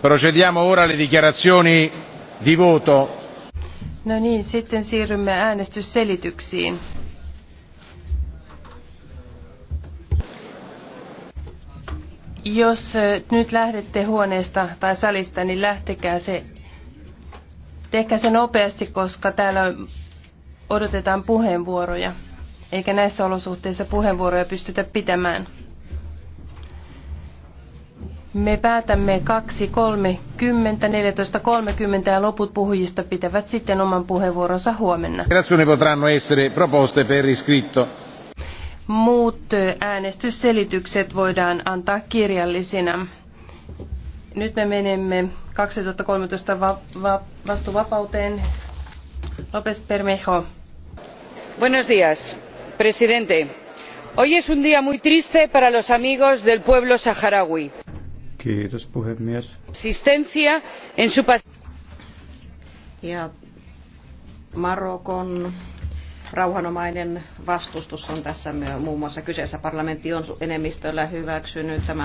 Procediamo ora alle dichiarazioni di voto. No niin, sitten siirrymme äänestysselityksiin. Jos nyt lähdette huoneesta tai salista, niin lähtekää se, tehkää se nopeasti, koska täällä odotetaan puheenvuoroja, eikä näissä olosuhteissa puheenvuoroja pystytä pitämään. Me päätämme 2.30, 14.30 ja loput puhujista pitävät sitten oman puheenvuoronsa huomenna. potranno essere proposte per iscritto. Muut äänestysselitykset voidaan antaa kirjallisina. Nyt me menemme 2013 va- va- vastuvapauteen. López Permejo. Buenos días, presidente. Hoy es un día muy triste para los amigos del pueblo saharaui. Kiitos puhemies. Assistencia en su ja Marokon rauhanomainen vastustus on tässä muun muassa kyseessä. Parlamentti on enemmistöllä hyväksynyt tämän